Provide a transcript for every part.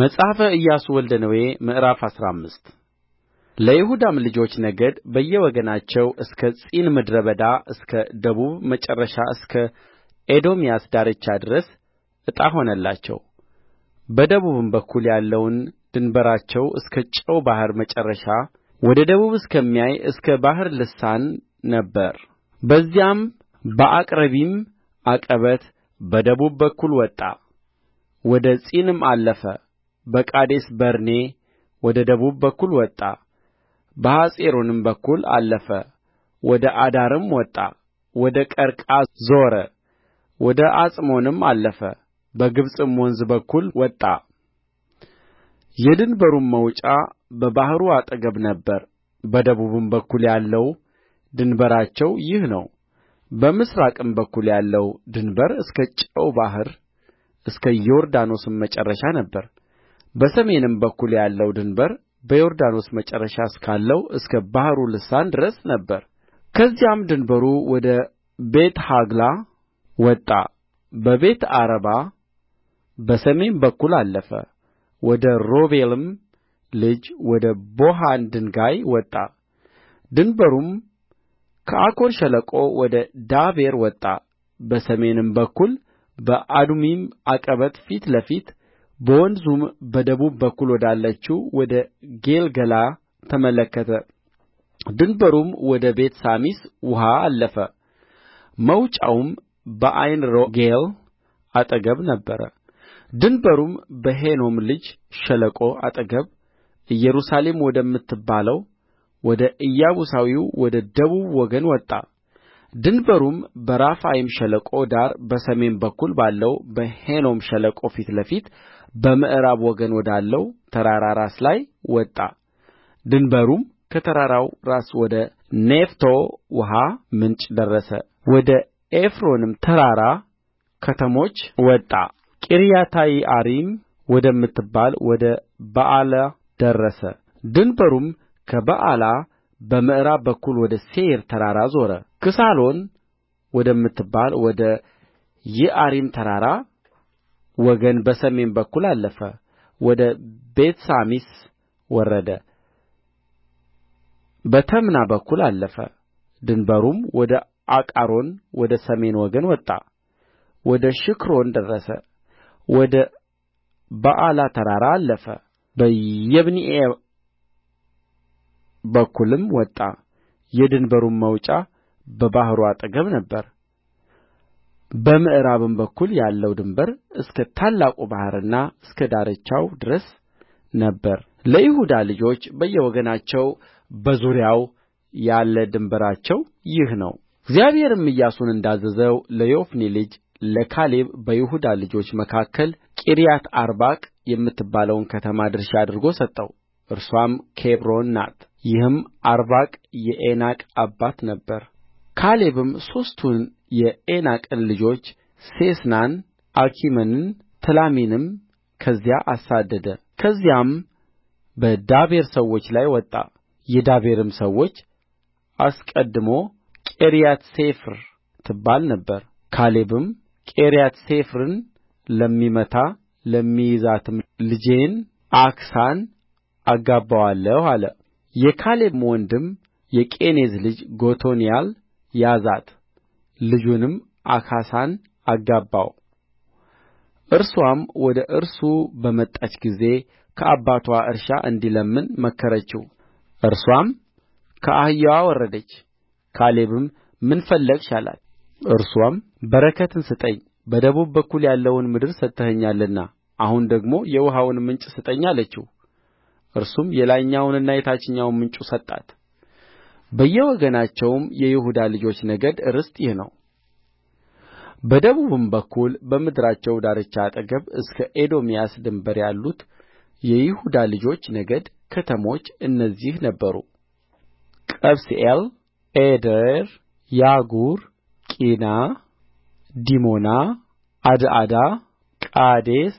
መጽሐፈ ኢያሱ ወልደ ነዌ ምዕራፍ አስራ አምስት ለይሁዳም ልጆች ነገድ በየወገናቸው እስከ ጺን ምድረ በዳ እስከ ደቡብ መጨረሻ እስከ ኤዶምያስ ዳርቻ ድረስ ዕጣ ሆነላቸው። በደቡብም በኩል ያለውን ድንበራቸው እስከ ጨው ባሕር መጨረሻ ወደ ደቡብ እስከሚያይ እስከ ባሕር ልሳን ነበር። በዚያም በአቅረቢም ዐቀበት በደቡብ በኩል ወጣ፣ ወደ ጺንም አለፈ። በቃዴስ በርኔ ወደ ደቡብ በኩል ወጣ በሐጽሮንም በኩል አለፈ ወደ አዳርም ወጣ ወደ ቀርቃ ዞረ ወደ ዓጽሞንም አለፈ በግብጽም ወንዝ በኩል ወጣ የድንበሩም መውጫ በባሕሩ አጠገብ ነበረ በደቡብም በኩል ያለው ድንበራቸው ይህ ነው በምሥራቅም በኩል ያለው ድንበር እስከ ጨው ባሕር እስከ ዮርዳኖስም መጨረሻ ነበረ በሰሜንም በኩል ያለው ድንበር በዮርዳኖስ መጨረሻ እስካለው እስከ ባሕሩ ልሳን ድረስ ነበረ ከዚያም ድንበሩ ወደ ቤትሖግላ ወጣ በቤት አረባ በሰሜን በኩል አለፈ ወደ ሮቤልም ልጅ ወደ ቦሀን ድንጋይ ወጣ ድንበሩም ከአኮር ሸለቆ ወደ ዳቤር ወጣ በሰሜንም በኩል በአዱሚም ዐቀበት ፊት ለፊት በወንዙም በደቡብ በኩል ወዳለችው ወደ ጌልገላ ተመለከተ ድንበሩም ወደ ቤትሳሚስ ውኃ አለፈ መውጫውም በዓይንሮጌል አጠገብ ነበረ ድንበሩም በሄኖም ልጅ ሸለቆ አጠገብ ኢየሩሳሌም ወደምትባለው ወደ ኢያቡሳዊው ወደ ደቡብ ወገን ወጣ ድንበሩም በራፋይም ሸለቆ ዳር በሰሜን በኩል ባለው በሄኖም ሸለቆ ፊት ለፊት በምዕራብ ወገን ወዳለው ተራራ ራስ ላይ ወጣ ድንበሩም ከተራራው ራስ ወደ ኔፍቶ ውኃ ምንጭ ደረሰ ወደ ኤፍሮንም ተራራ ከተሞች ወጣ ቂርያትይዓሪም ወደምትባል ወደ በኣላ ደረሰ ድንበሩም ከበኣላ በምዕራብ በኩል ወደ ሴይር ተራራ ዞረ ክሳሎን ወደምትባል ወደ ይዓሪም ተራራ ወገን በሰሜን በኩል አለፈ ወደ ቤትሳሚስ ወረደ በተምና በኩል አለፈ ድንበሩም ወደ አቃሮን ወደ ሰሜን ወገን ወጣ ወደ ሽክሮን ደረሰ ወደ በኣላ ተራራ አለፈ በየብኒኤ በኩልም ወጣ የድንበሩም መውጫ በባሕሩ አጠገብ ነበረ በምዕራብም በኩል ያለው ድንበር እስከ ታላቁ ባሕርና እስከ ዳርቻው ድረስ ነበረ ለይሁዳ ልጆች በየወገናቸው በዙሪያው ያለ ድንበራቸው ይህ ነው እግዚአብሔርም ኢያሱን እንዳዘዘው ለዮፎኒ ልጅ ለካሌብ በይሁዳ ልጆች መካከል ቂርያትአርባቅ የምትባለውን ከተማ ድርሻ አድርጎ ሰጠው እርስዋም ኬብሮን ናት ይህም አርባቅ የዔናቅ አባት ነበረ ካሌብም ሦስቱን የዔናቅን ልጆች ሴሲንና አኪመንን ተላሚንም ከዚያ አሳደደ ከዚያም በዳቤር ሰዎች ላይ ወጣ የዳቤርም ሰዎች አስቀድሞ ቂርያትሤፍር ትባል ነበር ካሌብም ቂርያትሤፍርን ለሚመታ ለሚይዛትም ልጄን ዓክሳን አጋባዋለሁ አለ የካሌብም ወንድም የቄኔዝ ልጅ ጎቶንያል ያዛት ልጁንም ዓክሳን አጋባው እርስዋም ወደ እርሱ በመጣች ጊዜ ከአባትዋ እርሻ እንዲለምን መከረችው እርስዋም ከአህያዋ ወረደች ካሌብም ምን ፈለግሽ አላት እርስዋም በረከትን ስጠኝ በደቡብ በኩል ያለውን ምድር ሰጥተኸኛልና አሁን ደግሞ የውኃውን ምንጭ ስጠኝ አለችው እርሱም የላይኛውንና የታችኛውን ምንጭ ሰጣት በየወገናቸውም የይሁዳ ልጆች ነገድ ርስት ይህ ነው በደቡብም በኩል በምድራቸው ዳርቻ አጠገብ እስከ ኤዶምያስ ድንበር ያሉት የይሁዳ ልጆች ነገድ ከተሞች እነዚህ ነበሩ ቀብስኤል ዔዴር ያጉር ቂና ዲሞና ዓድዓዳ ቃዴስ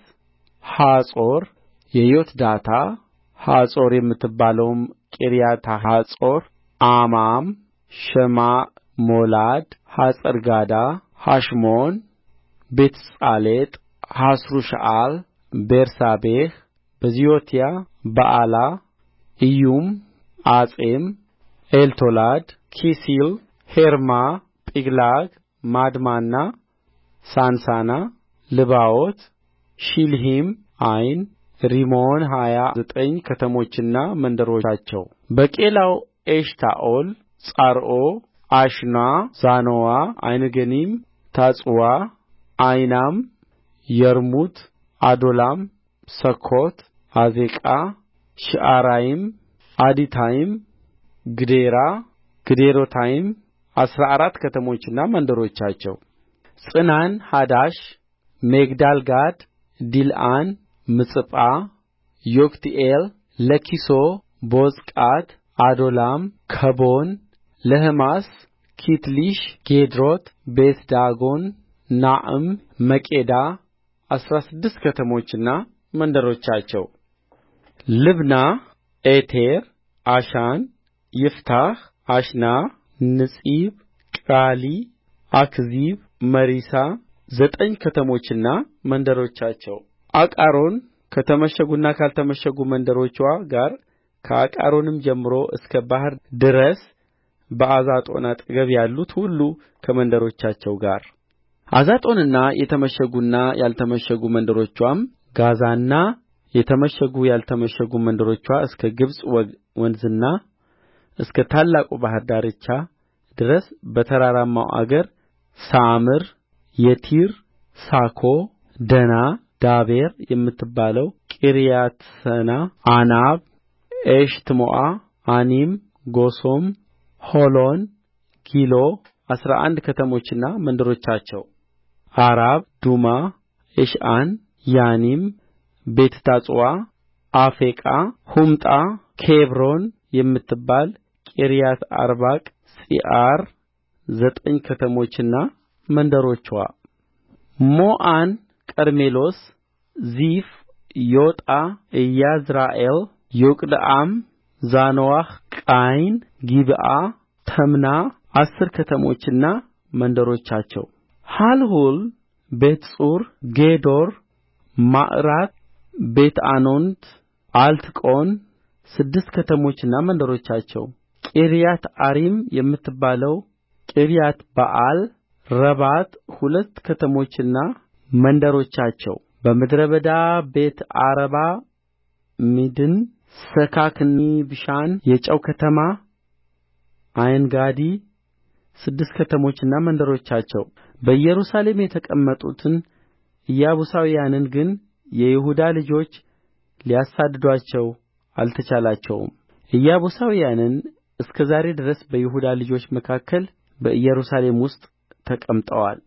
ሐጾር የዮትዳታ ሐጾር የምትባለውም ቂርያትሐጾር አማም ሸማዕ ሞላድ ሐጸርጋዳ ሐሽሞን ቤትጳሌጥ ሐጸርሹዓል ቤርሳቤህ በዚዮትያ በኣላ ዒዪም ዓጼም ኤልቶላድ ኪሲል ሔርማ ጺቅላግ ማድማና ሳንሳና ልባዎት ሺልሂም ዓይን ሪሞን ሀያ ዘጠኝ ከተሞችና መንደሮቻቸው በቈላው ኤሽታኦል ጻርኦ አሽና ዛኖዋ ዓይንገኒም ታጱዋ ዓይናም የርሙት አዶላም ሰኰት ዓዜቃ ሽዓራይም አዲታይም ግዴራ ግዴሮታይም አሥራ አራት ከተሞችና መንደሮቻቸው ጽናን ሐዳሽ ሚግዳልጋድ ዲልዓን ምጽጳ ዮቅትኤል ለኪሶ ቦጽቃት ዓዶላም ከቦን ለሕማስ ኪትሊሽ ግዴሮት ቤትዳጎን ናዕም መቄዳ አሥራ ስድስት ከተሞችና መንደሮቻቸው ልብና ዔቴር ዓሻን ይፍታሕ አሽና ንጺብ ቅዒላ አክዚብ መሪሳ ዘጠኝ ከተሞችና መንደሮቻቸው አቃሮን ከተመሸጉና ካልተመሸጉ መንደሮችዋ ጋር ከአቃሮንም ጀምሮ እስከ ባሕር ድረስ በአዛጦን አጠገብ ያሉት ሁሉ ከመንደሮቻቸው ጋር አዛጦንና የተመሸጉና ያልተመሸጉ መንደሮችዋም ጋዛና የተመሸጉ ያልተመሸጉ መንደሮችዋ እስከ ግብጽ ወንዝና እስከ ታላቁ ባሕር ዳርቻ ድረስ በተራራማው አገር ሳምር የቲር ሳኮ ደና ዳቤር የምትባለው ቂርያትሰና ዓናብ ኤሽትሞዓ ዓኒም ጎሶም ሖሎን ጊሎ አሥራ አንድ ከተሞችና መንደሮቻቸው አራብ ዱማ ኤሽዓን ያኒም ቤትታጱዋ አፌቃ ሑምጣ ኬብሮን የምትባል ቂርያትአርባቅ ጺዖር ዘጠኝ ከተሞችና መንደሮችዋ ማዖን ቀርሜሎስ ዚፍ ዩጣ ኢያዝራኤል ዮቅድዓም ዛኖዋሕ ቃይን ጊብዓ ተምና አሥር ከተሞችና መንደሮቻቸው ሐልሑል ቤትጹር ጌዶር ማዕራት ቤትዓኖት ኤልትቆን ስድስት ከተሞችና መንደሮቻቸው ቂርያትይዓሪም የምትባለው ቂርያትበኣል ረባት ሁለት ከተሞችና መንደሮቻቸው በምድረ በዳ ቤትዓረባ ሚዲን ሰካክኒብሻን የጨው ከተማ ዓይንጋዲ ስድስት ከተሞችና መንደሮቻቸው በኢየሩሳሌም የተቀመጡትን ኢያቡሳውያንን ግን የይሁዳ ልጆች ሊያሳድዱአቸው አልተቻላቸውም ኢያቡሳውያንም እስከ ዛሬ ድረስ በይሁዳ ልጆች መካከል በኢየሩሳሌም ውስጥ ተቀምጠዋል